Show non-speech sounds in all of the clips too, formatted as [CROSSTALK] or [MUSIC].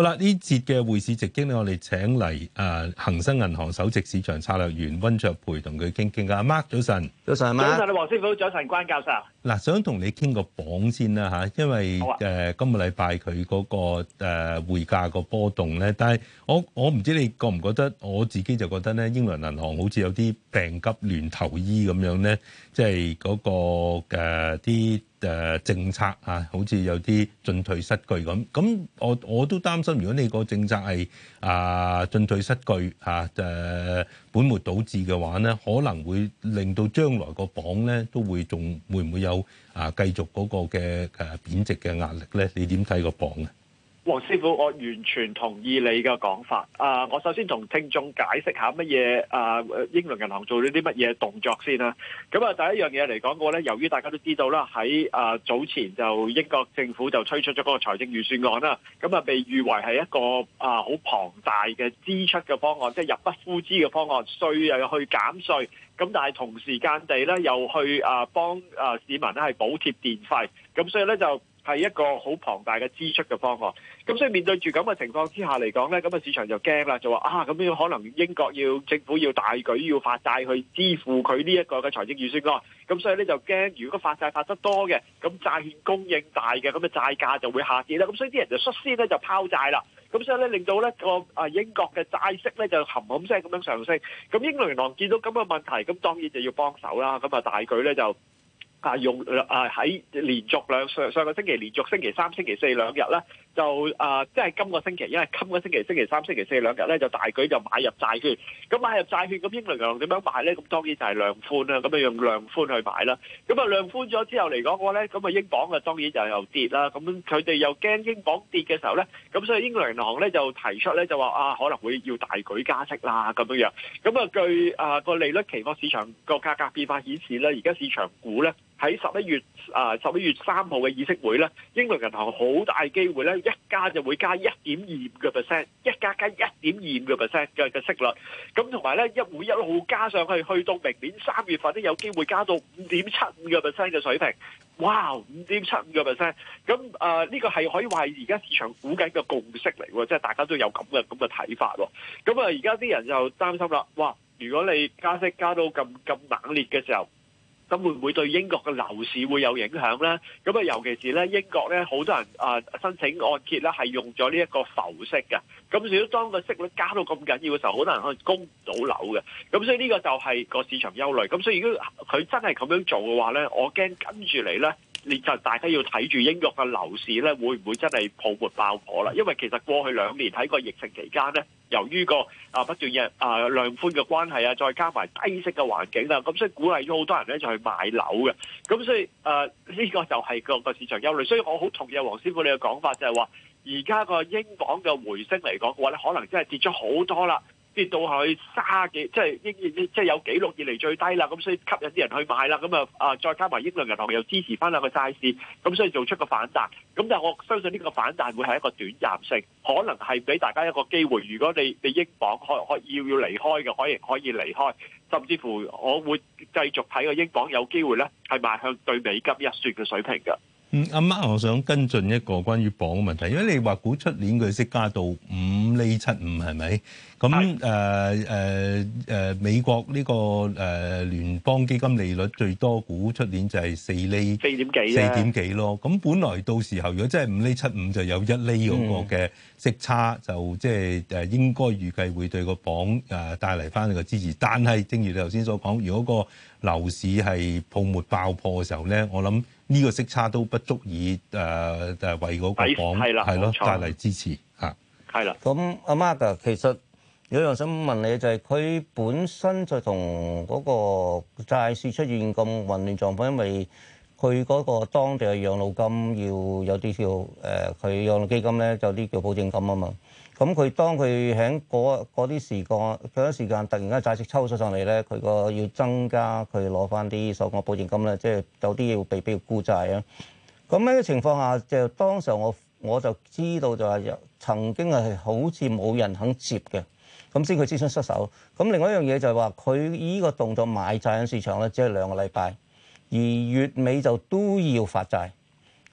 好啦，呢節嘅匯市直擊咧，我哋請嚟誒恒生銀行首席市場策略員溫灼培同佢傾傾㗎。阿 Mark 早晨，早晨啊，早晨，黃媽師傅早晨，關教授。嗱，想同你傾個榜先啦吓，因為誒今個禮拜佢嗰個誒匯價個波動咧，但係我我唔知你覺唔覺得，我自己就覺得咧，英倫銀行好似有啲病急亂投醫咁樣咧，即係嗰個誒啲誒政策啊，好似有啲進退失據咁。咁我我都擔心，如果你個政策係啊進退失據啊誒。本末倒置嘅話呢，可能會令到將來個鎊呢都會仲會唔會有啊繼續嗰個嘅誒貶值嘅壓力呢？你點睇個鎊啊？黃師傅，我完全同意你嘅講法啊！我首先同聽眾解釋下乜嘢啊？英倫銀行做咗啲乜嘢動作先啦、啊？咁啊，第一樣嘢嚟講過咧，由於大家都知道啦，喺啊早前就英國政府就推出咗嗰個財政預算案啦，咁啊，被譽為係一個啊好龐大嘅支出嘅方案，即係入不敷支嘅方案，稅又要去減稅，咁但係同時間地咧又去啊幫啊市民咧係補貼電費，咁所以咧就。係一個好龐大嘅支出嘅方案，咁所以面對住咁嘅情況之下嚟講呢，咁啊市場就驚啦，就話啊咁樣可能英國要政府要大舉要發債去支付佢呢一個嘅財政預算咯，咁所以呢，就驚如果發債發得多嘅，咁債券供應大嘅，咁啊債，債價就會下跌啦，咁所以啲人就率先呢就拋債啦，咁所以呢，令到呢個啊英國嘅債息呢就冚冚聲咁樣上升，咁英倫銀行見到咁嘅問題，咁當然就要幫手啦，咁啊大舉呢就。啊，用啊喺連續兩上上個星期連續星期三、星期四兩日咧，就啊即係、就是、今個星期因為今個星期，星期三、星期四兩日咧就大舉就買入債券。咁買入債券咁英倫銀行點樣買咧？咁當然就係量寬啦。咁啊用量寬去買啦。咁啊量寬咗之後嚟講嘅話呢，咧咁啊英鎊啊當然就又跌啦。咁佢哋又驚英鎊跌嘅時候咧，咁所以英倫銀行咧就提出咧就話啊可能會要大舉加息啦咁樣樣。咁啊據啊個利率期貨市場個價格變化顯示咧，而家市場估咧。喺十一月啊，十一月，uh，三號嘅議息會咧，英倫銀行好大機會咧，一加就會加一點二五個 percent，一加加一點二五個 percent 嘅嘅息率，咁同埋咧一會一路加上去，去到明年三月份都有機會加到五點七五個 percent 嘅水平，哇，五點七五個 percent，咁啊呢個係可以話係而家市場估計嘅共識嚟喎，即係大家都有咁嘅咁嘅睇法喎，咁啊而家啲人就擔心啦，哇，如果你加息加到咁咁猛烈嘅時候。咁會唔會對英國嘅樓市會有影響咧？咁啊，尤其是咧英國咧，好多人啊申請按揭咧，係用咗呢一個浮息嘅。咁如果當個息率加到咁緊要嘅時候，好多人可能供唔到樓嘅。咁所以呢個就係個市場憂慮。咁所以如果佢真係咁樣做嘅話咧，我驚跟住嚟咧。你就大家要睇住英國嘅樓市咧，會唔會真係泡沫爆破啦？因為其實過去兩年喺個疫情期間咧，由於個啊不斷嘅啊量寬嘅關係啊，再加埋低息嘅環境啦，咁所以鼓勵咗好多人咧就去買樓嘅。咁所以誒，呢個就係個個市場憂慮。所以我好同意啊，黃師傅你嘅講法就係話，而家個英鎊嘅回升嚟講嘅話咧，可能真係跌咗好多啦。到佢三幾，即係即係有紀錄以嚟最低啦。咁所以吸引啲人去買啦。咁啊，啊再加埋英倫銀行又支持翻兩個債市，咁所以做出個反彈。咁但係我相信呢個反彈會係一個短暫性，可能係俾大家一個機會。如果你你英鎊可開要要離開嘅，可以可以離開，甚至乎我會繼續睇個英鎊有機會咧係邁向對美金一算嘅水平嘅。嗯，啱啱我想跟進一個關於磅嘅問題，因為你話估出年佢息加到五厘七五，係咪？咁誒誒美國呢、個誒、呃、聯邦基金利率最多估出年就係四厘，四點幾，四點幾，四點幾咯。咁本來到時候，如果真係五厘七五，就有一厘嗰個嘅息差，嗯、就即係誒應該預計會對個磅誒帶嚟翻個支持。但係正如你頭先所講，如果個樓市係泡沫爆破嘅時候咧，我諗。呢個息差都不足以誒誒為嗰個房係啦，係咯，帶嚟支持嚇。係啦。咁、嗯、阿 Mark 其實有樣想問你嘅就係、是、佢本身就同嗰個債市出現咁混亂狀況，因為佢嗰個當地嘅養老金要有啲叫誒，佢養老基金咧就啲叫保證金啊嘛。咁佢當佢喺嗰啲時間嗰啲時間，突然間債息抽咗上嚟咧，佢個要增加佢攞翻啲所講保證金咧，即係有啲要被逼要沽債啊！咁呢啲情況下就當時候我我就知道就係曾經係好似冇人肯接嘅，咁先佢諮詢失手。咁另外一樣嘢就係話佢依個動作買債券市場咧，只係兩個禮拜，而月尾就都要發債。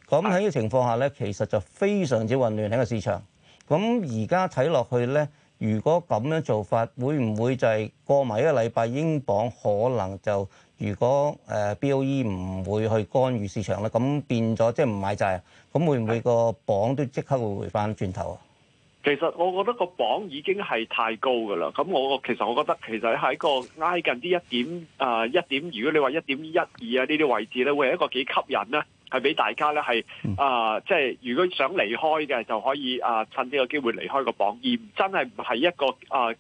咁喺呢個情況下咧，其實就非常之混亂喺個市場。咁而家睇落去咧，如果咁樣做法，會唔會就係過埋一個禮拜，英鎊可能就如果 B O E 唔會去干預市場咧，咁變咗即係唔買債啊？咁會唔會個鎊都即刻會回翻轉頭啊？其實我覺得個鎊已經係太高㗎啦。咁我其實我覺得其實喺個挨近啲一點啊一點，如果你話一點一二啊呢啲位置咧，會係一個幾吸引咧。係俾大家咧，係、呃、啊，即、就、係、是、如果想離開嘅，就可以啊、呃，趁呢個機會離開個榜。而真係唔係一個啊、呃，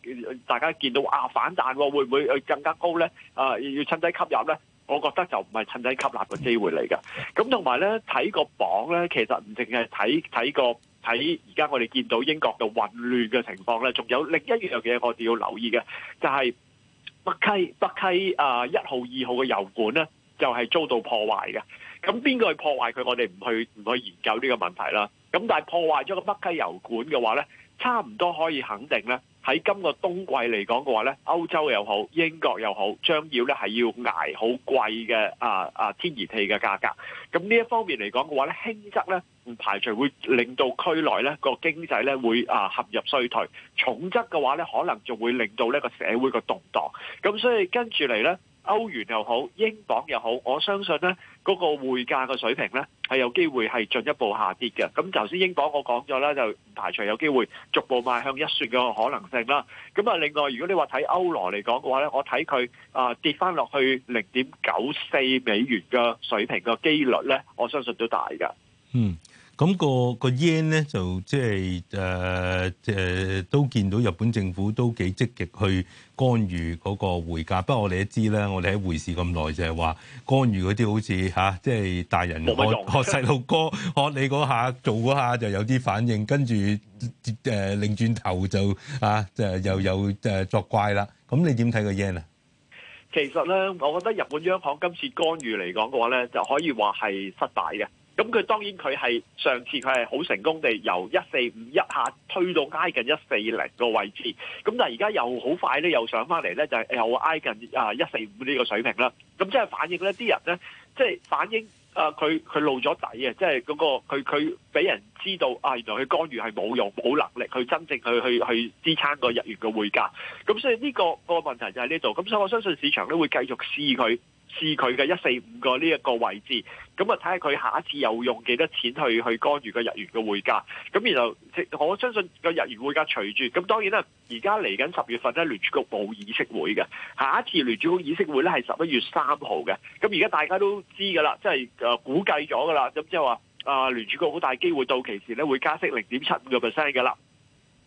大家見到啊反彈、哦，會唔會更加高咧？啊、呃，要趁低吸入咧？我覺得就唔係趁低吸入嘅機會嚟㗎。咁同埋咧，睇個榜咧，其實唔淨係睇睇個睇而家我哋見到英國嘅混亂嘅情況咧，仲有另一樣嘢我哋要留意嘅，就係、是、北溪北溪啊一、呃、號、二號嘅油管咧。就係遭到破壞嘅，咁邊個去破壞佢？我哋唔去唔去研究呢個問題啦。咁但係破壞咗個北溪油管嘅話呢，差唔多可以肯定呢，喺今個冬季嚟講嘅話呢，歐洲又好，英國又好，將要呢係要捱好貴嘅啊啊天然氣嘅價格。咁呢一方面嚟講嘅話呢，輕則呢唔排除會令到區內呢個經濟呢會啊陷入衰退；重則嘅話呢可能仲會令到呢個社會嘅動盪。咁所以跟住嚟呢。歐元又好，英鎊又好，我相信呢嗰個匯價嘅水平呢，係有機會係進一步下跌嘅。咁頭先英鎊我講咗啦，就唔排除有機會逐步邁向一算嘅可能性啦。咁啊，另外如果你話睇歐羅嚟講嘅話呢，我睇佢啊跌翻落去零點九四美元嘅水平嘅機率呢，我相信都大㗎。嗯。咁、那個、那個 yen 咧就即、就、係、是呃呃、都見到日本政府都幾積極去干預嗰個匯價，不過我哋都知呢，我哋喺匯市咁耐就係話干預嗰啲好似即係大人學學細路哥學你嗰下做嗰下就有啲反應，跟住另轉頭就啊就又有、呃、作怪啦。咁你點睇個 yen 啊？其實咧，我覺得日本央行今次干預嚟講嘅話咧，就可以話係失敗嘅。.咁佢當然佢係上次佢係好成功地由一四五一下推到挨近一四零個位置，咁但係而家又好快咧又上翻嚟咧，就係又挨近啊一四五呢個水平啦。咁即係反映咧，啲人咧即係反映啊，佢佢露咗底啊，即係嗰個佢佢俾人知道啊，原來佢干預係冇用冇能力去真正去去去支撐個日元嘅匯價。咁所以呢個個問題就係呢度。咁所以我相信市場咧會繼續試佢。試佢嘅一四五個呢一個位置，咁，啊睇下佢下一次有用幾多錢去去干預個日元嘅匯價，咁然後我相信個日元匯價隨住，咁當然啦，而家嚟緊十月份咧聯儲局冇議息會嘅，下一次聯儲局議息會咧係十一月三號嘅，咁而家大家都知噶啦，即係誒估計咗噶啦，咁即係話啊聯儲局好大機會到期時咧會加息零點七五個 percent 噶啦。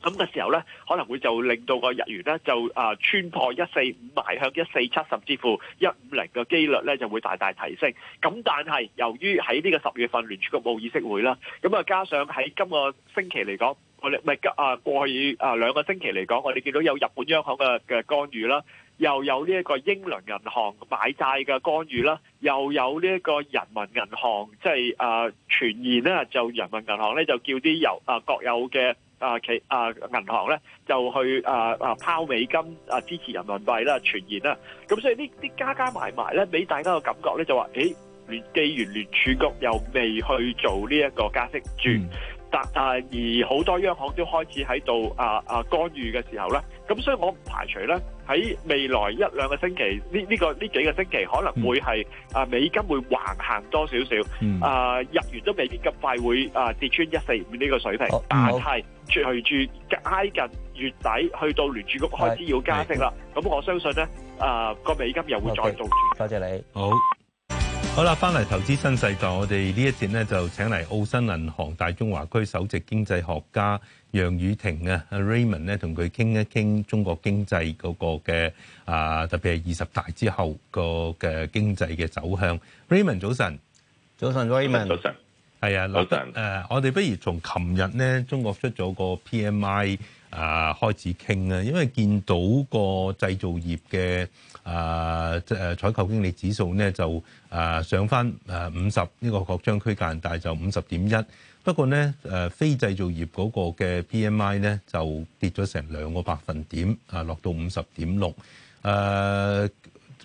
咁嘅時候咧，可能會就令到個日元咧就啊穿破一四五，埋向一四七甚至乎一五零嘅機率咧就會大大提升。咁但係由於喺呢個十月份聯儲局冇議息會啦，咁啊加上喺今個星期嚟講，我哋咪啊過去啊兩個星期嚟講，我哋見到有日本央行嘅嘅干預啦，又有呢一個英倫銀行買債嘅干預啦，又有呢一個人民銀行即係、就是、啊傳言咧，就人民銀行咧就叫啲由啊國有嘅。啊其啊銀行咧就去啊啊拋美金啊支持人民幣啦傳言啦，咁所以呢啲加加埋埋咧俾大家個感覺咧就話，咦、欸，既然聯儲局又未去做呢一個加息轉，但啊而好多央行都開始喺度啊啊干預嘅時候咧，咁所以我唔排除咧。喺未來一兩個星期，呢呢個呢幾個星期可能會係啊美金會橫行多少少，啊日元都未必咁快會啊跌穿一四五呢個水平，但係隨住挨近月底去到聯儲局開始要加息啦，咁我相信呢啊個美金又會再做。多謝你。好。好啦，翻嚟投資新世代，我哋呢一節呢，就請嚟澳新銀行大中華區首席經濟學家楊宇霆啊，Raymond 咧，同佢傾一傾中國經濟嗰個嘅啊，特別係二十大之後個嘅經濟嘅走向。Raymond 早晨，早晨，Raymond。Ray 係啊，落得誒，我哋不如從琴日咧，中國出咗個 PMI 啊、呃，開始傾啊，因為見到個製造業嘅啊誒採購經理指數咧就啊、呃、上返誒五十呢個擴張區間，但係就五十點一。不過咧誒、呃、非製造業嗰個嘅 PMI 咧就跌咗成兩個百分點啊、呃，落到五十點六誒。呃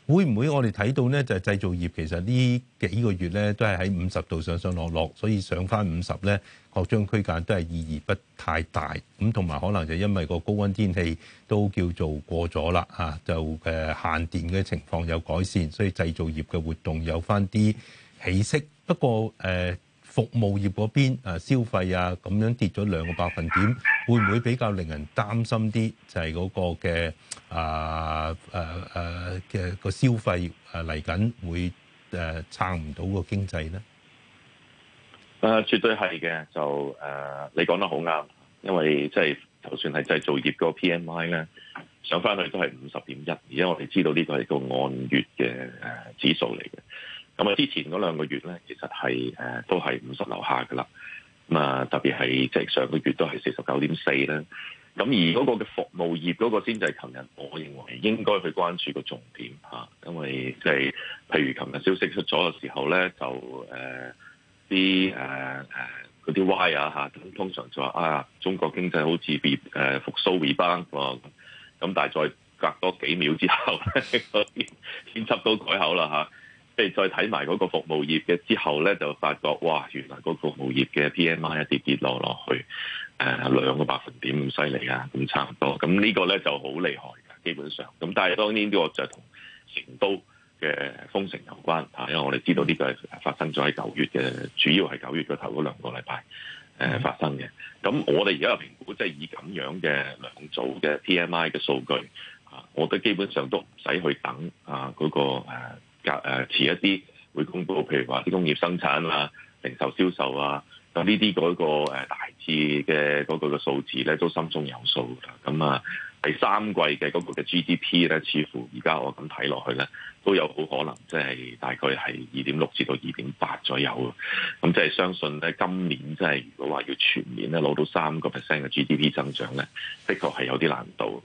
會唔會我哋睇到咧？就係、是、製造業其實呢幾個月咧都係喺五十度上上落落，所以上翻五十咧擴張區間都係意義不太大。咁同埋可能就因為個高溫天氣都叫做過咗啦，嚇就誒限電嘅情況有改善，所以製造業嘅活動有翻啲起色。不過誒。呃服務業嗰邊誒消費啊，咁樣跌咗兩個百分點，會唔會比較令人擔心啲？就係嗰個嘅啊啊啊嘅個消費誒嚟緊會誒撐唔到個經濟咧？誒，絕對係嘅。就誒，你講得好啱，因為即係就算係製造業個 PMI 咧，上返去都係五十點一，而家我哋知道呢個係個按月嘅誒指數嚟嘅。咁之前嗰兩個月呢，其實係誒、呃、都係五十樓下㗎喇。咁特別係即係上個月都係四十九點四咧。咁而嗰個嘅服務業嗰個先至係琴日，我認為應該去關注個重點嚇、啊，因為即、就、係、是、譬如琴日消息出咗嘅時候呢，就誒啲誒嗰啲 Y 啊嚇，通常就話啊，中國經濟好似別誒復甦尾巴喎。咁但係再隔多幾秒之後咧， [LAUGHS] 編輯都改口啦嚇。即再睇埋嗰個服務業嘅之後咧，就發覺哇，原來嗰個服務業嘅 PMI 一跌跌落落去，誒、呃、兩個百分點咁犀利啊，咁差唔多，咁呢個咧就好厲害㗎，基本上。咁但係當然呢個就同成都嘅封城有關、啊、因為我哋知道呢個係發生咗喺九月嘅，主要係九月嗰頭嗰兩個禮拜誒發生嘅。咁我哋而家評估即係、就是、以咁樣嘅兩組嘅 PMI 嘅數據啊，我都基本上都唔使去等啊嗰、那個啊格誒遲一啲會公布，譬如話啲工業生產啊、零售銷售啊，咁呢啲嗰個大致嘅嗰個嘅數字咧，都心中有數。咁啊，第三季嘅嗰個嘅 GDP 咧，似乎而家我咁睇落去咧，都有好可能即係大概係二點六至到二點八左右。咁即係相信咧，今年即係如果話要全年咧攞到三個 percent 嘅 GDP 增長咧，的確係有啲難度。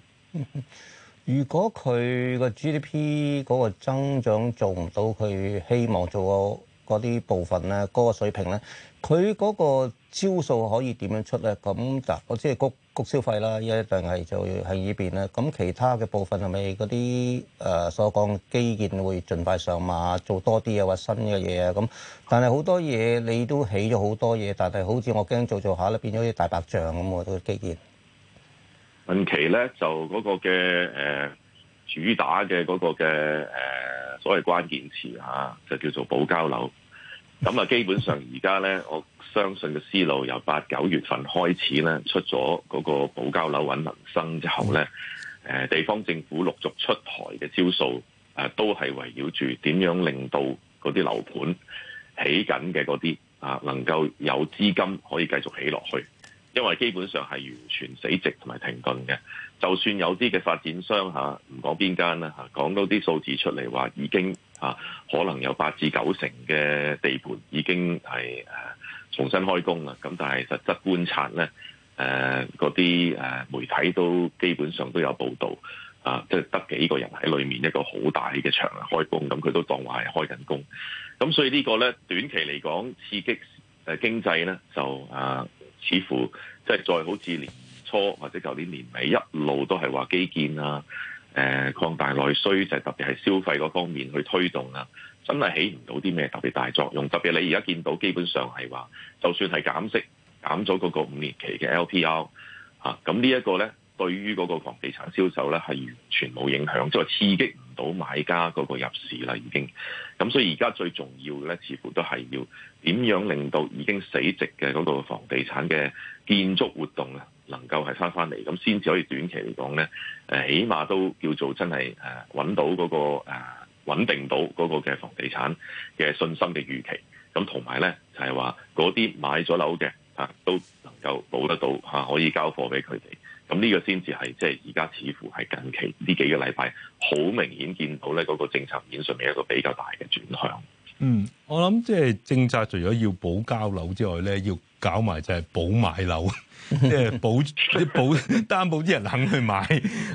如果佢個 GDP 嗰個增長做唔到佢希望做嗰啲部分咧，嗰、嗰個水平咧，佢嗰個招數可以點樣出咧？咁嗱，我即係谷谷消費啦，一定係就喺依邊啦。咁其他嘅部分係咪嗰啲誒所講基建會盡快上馬，做多啲啊或新嘅嘢啊咁？但係好多嘢你都起咗好多嘢，但係好似我驚做做一下咧變咗啲大白象咁喎，嗰個基建。近期咧就嗰個嘅誒、呃、主打嘅嗰個嘅誒、呃、所謂關鍵詞啊，就叫做保交樓。咁啊，基本上而家咧，我相信嘅思路由八九月份開始咧，出咗嗰個保交樓穩民生之後咧，誒、呃，地方政府陸續出台嘅招數、啊、都係圍繞住點樣令到嗰啲樓盤起緊嘅嗰啲啊，能夠有資金可以繼續起落去。因為基本上係完全死寂同埋停頓嘅，就算有啲嘅發展商，唔講邊間啦，講到啲數字出嚟話已經可能有八至九成嘅地盤已經係重新開工啦。咁但係實質觀察咧，誒嗰啲媒體都基本上都有報導啊，即係得幾個人喺裏面一個好大嘅場開工，咁佢都當話係開緊工。咁所以呢個咧，短期嚟講刺激經濟咧就啊～似乎即係再好似年初或者舊年年尾一路都係話基建啊，誒、呃、擴大內需就係、特別係消費嗰方面去推動啊，真係起唔到啲咩特別大作用。特別你而家見到，基本上係話就算係減息減咗嗰個五年期嘅 LPR，吓咁呢一個呢。對於嗰個房地產銷售咧，係完全冇影響，即係刺激唔到買家嗰個入市啦。已經咁，所以而家最重要嘅咧，似乎都係要點樣令到已經死寂嘅嗰個房地產嘅建築活動啊，能夠係翻翻嚟，咁先至可以短期嚟講咧，起碼都叫做真係誒揾到嗰、嗰個誒穩、啊、定到嗰個嘅房地產嘅信心嘅預期。咁同埋咧，就係話嗰啲買咗樓嘅都能夠保得到、啊、可以交貨俾佢哋。咁呢個先至係即係而家似乎係近期呢幾個禮拜好明顯見到咧嗰個政策面上面一個比較大嘅轉向。嗯。我諗即係政策，除咗要保交樓之外咧，要搞埋就係保買樓，即係保保擔保啲人肯去買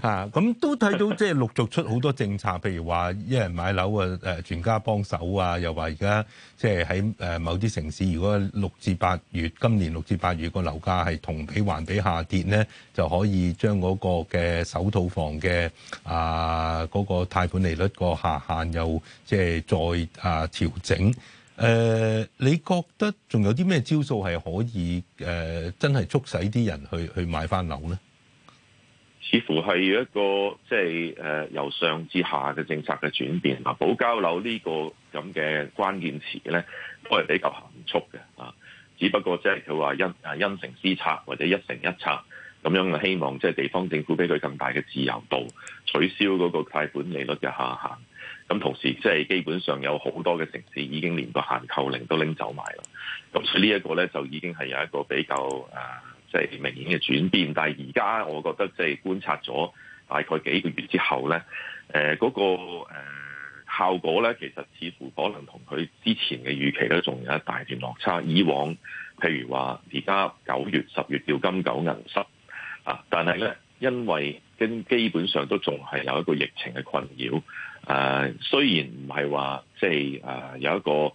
啊！咁都睇到即係陸續出好多政策，譬如話一人買樓啊，全家幫手啊，又話而家即係喺某啲城市，如果六至八月今年六至八月個樓價係同比環比下跌咧，就可以將嗰個嘅首套房嘅啊嗰個貸款利率個下限又即係再啊調整。誒、呃，你覺得仲有啲咩招數係可以誒、呃，真係促使啲人去去買翻樓呢？似乎係一個即係、就是呃、由上至下嘅政策嘅轉變啊，保交樓呢個咁嘅關鍵詞呢，都係比較含蓄嘅啊。只不過即係佢話因啊因城施策或者一城一策咁樣嘅希望，即係地方政府俾佢更大嘅自由度，取消嗰個貸款利率嘅下限。咁所以同時，即係基本上有好多嘅城市已經連個限購令都拎走埋啦。咁所以呢一個咧，就已經係有一個比較誒、呃，即係明顯嘅轉變。但係而家我覺得，即係觀察咗大概幾個月之後咧，誒、呃、嗰、那個、呃、效果咧，其實似乎可能同佢之前嘅預期咧，仲有一大段落差。以往譬如話，而家九月、十月叫金九銀十啊，但係咧。因為跟基本上都仲係有一個疫情嘅困擾，誒、啊、雖然唔係話即係誒有一個誒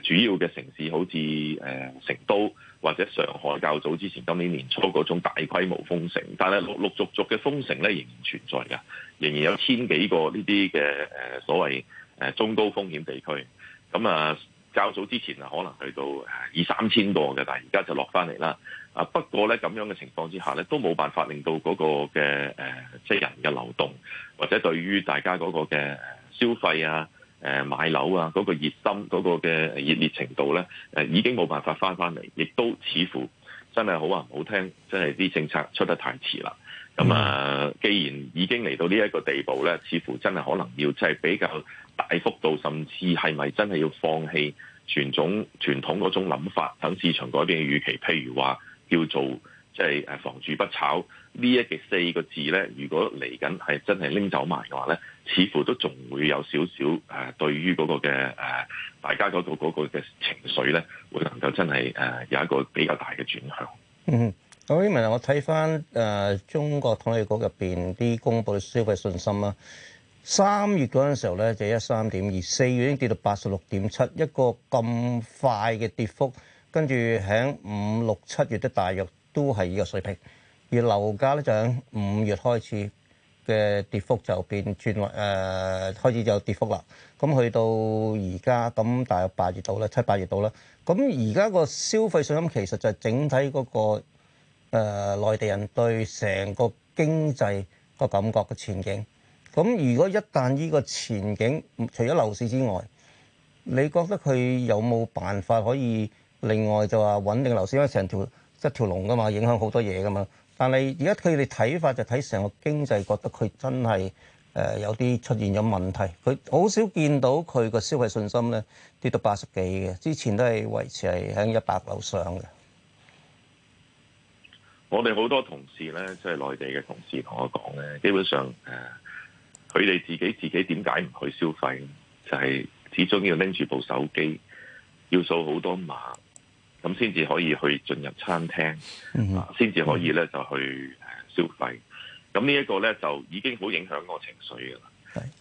主要嘅城市，好似誒、啊、成都或者上海較早之前今年年初嗰種大規模封城，但係陸陸續續嘅封城咧仍然存在嘅，仍然有千幾個呢啲嘅誒所謂誒、啊、中高風險地區。咁啊較早之前啊可能去到誒二三千個嘅，但係而家就落翻嚟啦。啊！不過咧，咁樣嘅情況之下咧，都冇辦法令到嗰個嘅誒、呃，即係人嘅流動，或者對於大家嗰個嘅消費啊、誒、呃、買樓啊嗰、嗰個熱心、嗰個嘅熱烈程度咧、呃，已經冇辦法返返嚟，亦都似乎真係好話唔好聽，真係啲政策出得太遲啦。咁啊，既然已經嚟到呢一個地步咧，似乎真係可能要即係比較大幅度，甚至係咪真係要放棄傳統傳統嗰種諗法，等市場改變嘅預期，譬如話。叫做即係誒房住不炒呢一嘅四個字咧，如果嚟緊係真係拎走埋嘅話咧，似乎都仲會有少少誒，對於嗰個嘅誒大家嗰個嗰個嘅情緒咧，會能夠真係誒有一個比較大嘅轉向。嗯，好，因為我睇翻誒中國統計局入邊啲公布嘅消費信心啦，三月嗰陣時候咧就一三點二，四月已經跌到八十六點七，一個咁快嘅跌幅。跟住響五六七月的大約都係呢個水平，而樓價咧就響五月開始嘅跌幅就變轉為誒、呃、開始就跌幅啦。咁去到而家咁大約八月到啦，七八月到啦。咁而家個消費信心其實就整體嗰、那個誒、呃、內地人對成個經濟個感覺嘅前景。咁如果一旦呢個前景除咗樓市之外，你覺得佢有冇辦法可以？另外就話穩定個樓市，因為成條一條龍噶嘛，影響好多嘢噶嘛。但係而家佢哋睇法就睇成個經濟，覺得佢真係誒，呃，有啲出現咗問題。佢好少見到佢個消費信心咧跌到八十幾嘅，之前都係維持係喺一百樓上嘅。我哋好多同事咧，即係內地嘅同事同我講咧，基本上誒，佢哋自己自己點解唔去消費？就係始終要拎住部手機，要掃好多碼。咁先至可以去進入餐廳，先至、mm hmm. 啊、可以咧就去消費。咁呢一個咧就已經好影響個情緒喇。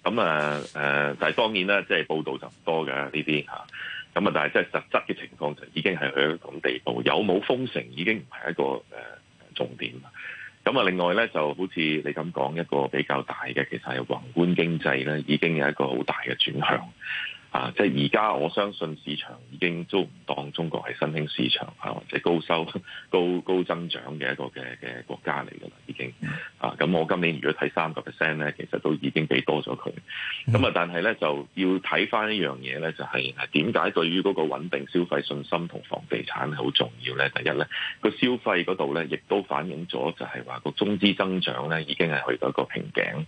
咁的啊誒、啊，但係當然啦，即係報道就唔多嘅呢啲咁啊，但係即係實質嘅情況就已經係去到咁地步。有冇封城已經唔係一個誒、呃、重點。咁啊，另外咧就好似你咁講一個比較大嘅，其實係宏觀經濟咧已經有一個好大嘅轉向。啊！即係而家，我相信市場已經都唔當中國係新興市場啊，或者高收高高增長嘅一個嘅嘅國家嚟㗎喇，已經。啊，咁我今年如果睇三個 percent 咧，其實都已經俾多咗佢。咁啊，但係咧就要睇翻一樣嘢咧，就係點解對於嗰個穩定消費信心同房地產好重要咧？第一咧個消費嗰度咧，亦都反映咗就係話個中資增長咧已經係去到一個瓶頸。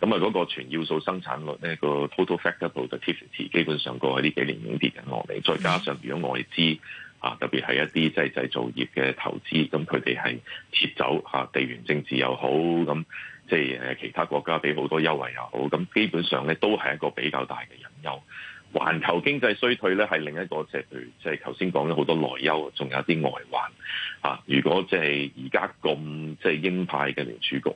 咁啊，嗰個全要素生產率咧個 total factor productivity 基本上過去呢幾年已經跌緊落嚟，再加上如果外資。啊，特別係一啲即係製造業嘅投資，咁佢哋係撤走嚇地緣政治又好，咁即係誒其他國家俾好多優惠又好，咁基本上咧都係一個比較大嘅隱憂。環球經濟衰退咧係另一個即係即係頭先講咗好多內憂，仲有啲外患嚇、啊。如果即係而家咁即係鷹派嘅聯儲局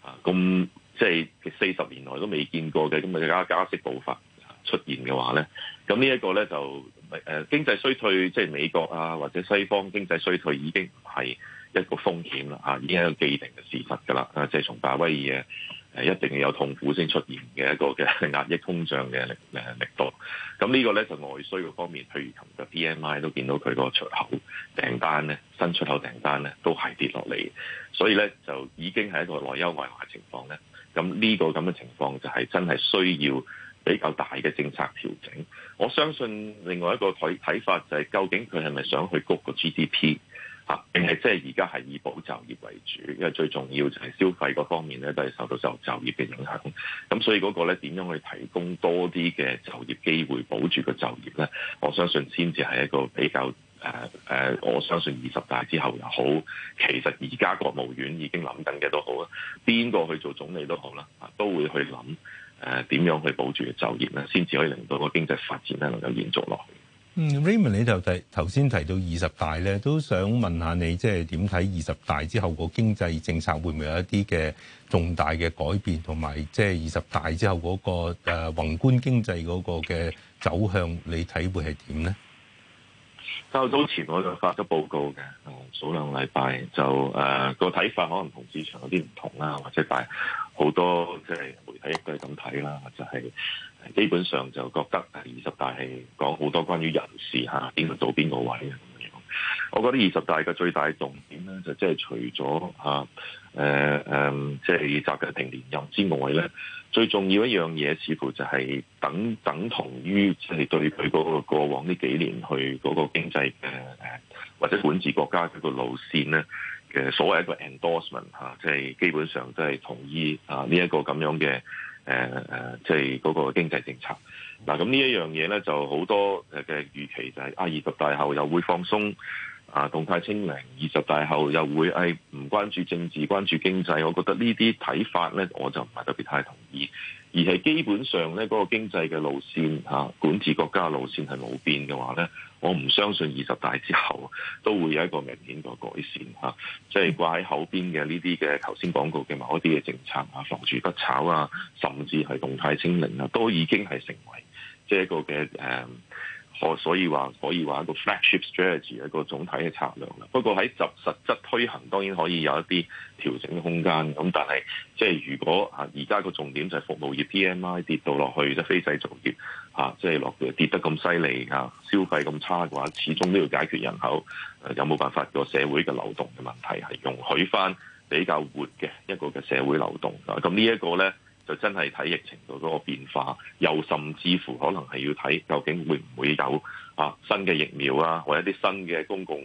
啊，咁即係四十年來都未見過嘅，咁咪加加息步伐出現嘅話咧，咁呢一個咧就。誒經濟衰退，即係美國啊，或者西方經濟衰退已經唔係一個風險啦，嚇已經係一個既定嘅事實㗎啦。啊，即係從鮑威爾誒、啊，一定要有痛苦先出現嘅一個嘅壓抑通脹嘅力誒、啊、力度。咁、啊這個、呢個咧就外需嗰方面，譬如琴日 PMI 都見到佢個出口訂單咧，新出口訂單咧都係跌落嚟，所以咧就已經係一個內憂外患嘅情況咧。咁、啊、呢、這個咁嘅情況就係真係需要。比較大嘅政策調整，我相信另外一個睇睇法就係究竟佢係咪想去谷個 GDP 吓，定係即係而家係以保就業為主，因為最重要就係消費嗰方面咧都係受到就就業嘅影響。咁所以嗰個咧，點樣去提供多啲嘅就業機會，保住個就業咧，我相信先至係一個比較誒、呃、我相信二十大之後又好，其實而家國務院已經諗緊嘅都好啊，邊個去做總理都好啦，都會去諗。誒點樣去保住就業咧，先至可以令到個經濟發展咧能夠延續落去。嗯，Raymond，你就提頭先提到二十大咧，都想問下你，即係點睇二十大之後個經濟政策會唔會有一啲嘅重大嘅改變，同埋即係二十大之後嗰個宏觀經濟嗰個嘅走向，你睇會係點咧？較早前我就發咗報告嘅，數兩個禮拜就誒、呃那個睇法可能同市場有啲唔同啦，或者但好多即係、就是、媒體亦都係咁睇啦，就係、是、基本上就覺得係二十大係講好多關於人事下邊樣做邊個位，我覺得二十大嘅最大重點咧，就即係除咗嚇誒誒，即係習近平連任之外咧，最重要一樣嘢似乎就係等等同於即係對佢嗰個過往呢幾年去嗰個經濟嘅或者管治國家嗰個路線咧嘅所謂一個 endorsement 嚇，即係基本上都係同意啊呢一個咁樣嘅誒誒，即係嗰個經濟政策。嗱咁呢一樣嘢咧，就好多嘅預期就係啊，二十大後又會放鬆。啊！動態清零，二十大後又會係唔關注政治，關注經濟。我覺得呢啲睇法呢，我就唔係特別太同意。而係基本上呢嗰、嗰個經濟嘅路線，管治國家路線係冇變嘅話呢，我唔相信二十大之後都會有一個明顯嘅改善。即係掛喺口邊嘅呢啲嘅頭先講過嘅某一啲嘅政策啊，房住不炒啊，甚至係動態清零啊，都已經係成為即係一個嘅誒。我、oh, 所以話可以話一個 flagship strategy 一個總體嘅策略啦。不過喺實實質推行當然可以有一啲調整嘅空間咁，但係即係如果啊而家個重點就係服務業 PMI 跌到落去，即係非製造業啊，即係落跌得咁犀利啊，消費咁差嘅話，始終都要解決人口、啊、有冇辦法、個社會嘅流動嘅問題係容許翻比較活嘅一個嘅社會流動啊。咁呢一個咧。就真係睇疫情度嗰個變化，又甚至乎可能係要睇究竟會唔會有啊新嘅疫苗啊，或者一啲新嘅公共誒、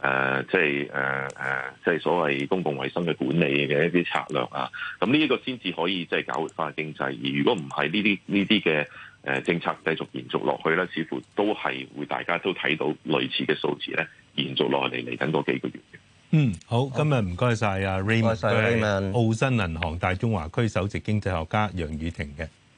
呃，即係誒、呃、即係所謂公共衞生嘅管理嘅一啲策略啊。咁呢一個先至可以即係搞活化經濟。而如果唔係呢啲呢啲嘅政策繼續延續落去咧，似乎都係會大家都睇到類似嘅數字咧，延續落嚟嚟緊都幾個月。嗯，好，今日唔該晒阿 Raymond，澳新銀行大中華區首席經濟學家楊宇霆嘅。